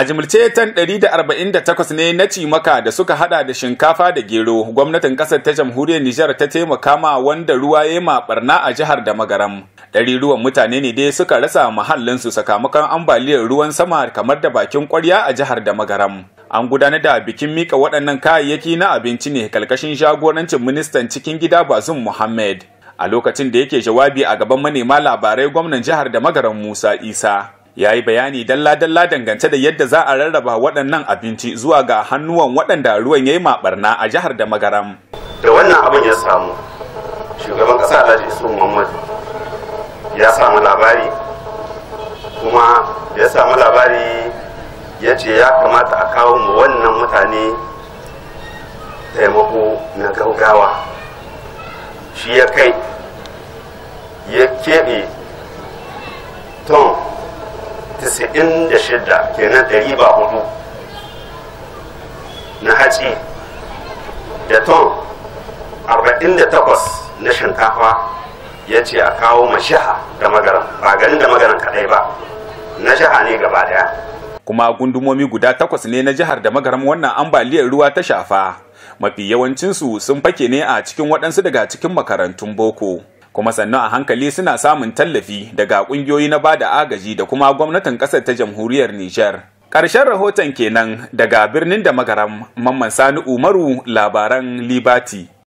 A arba'in tan 148 ne na cimaka da suka hada da shinkafa da gero, gwamnatin kasar ta jamhuriyar Nijar ta taimaka ma wanda ruwa ya ma barna a jihar da magaram. ruwan mutane ne dai suka rasa mahallinsu sakamakon ambaliyar ruwan sama kamar da bakin kwarya a jihar da magaram. An gudanar da bikin mika waɗannan kayayyaki na abinci ne kalkashin jagorancin ministan cikin gida Bazum Muhammad. A lokacin da yake jawabi a gaban manema labarai gwamnan jihar da magaram Musa Isa. ya yi bayani dalla-dalla dangance da yadda za a rarraba waɗannan abinci zuwa ga hannuwan waɗanda ruwan ya yi maɓarna a jihar da magaram da wannan abin ya samu shugaban ƙasa alhaji isu muhammad ya samu labari kuma ya samu labari ya ce ya kamata a kawo mu wannan mutane taimako na gaugawa shi ya kai ya keɓe ton 96 kenan ɗari ba hudu na hatsi da ton 48 na shinkafa ya ce a kawo shaha da magaran ba ganin da magaran kadai ba na shaha ne gaba daya kuma gundumomi guda takwas ne na jihar da magaram wannan ambaliyar ruwa ta shafa mafi yawancinsu sun fake ne a cikin waɗansu daga cikin makarantun boko kuma sannan a hankali suna samun tallafi daga kungiyoyi na bada agaji da kuma gwamnatin kasar ta jamhuriyar Nijar. Ƙarshen rahoton kenan daga birnin da magaram Mamman Sani Umaru labaran Libati.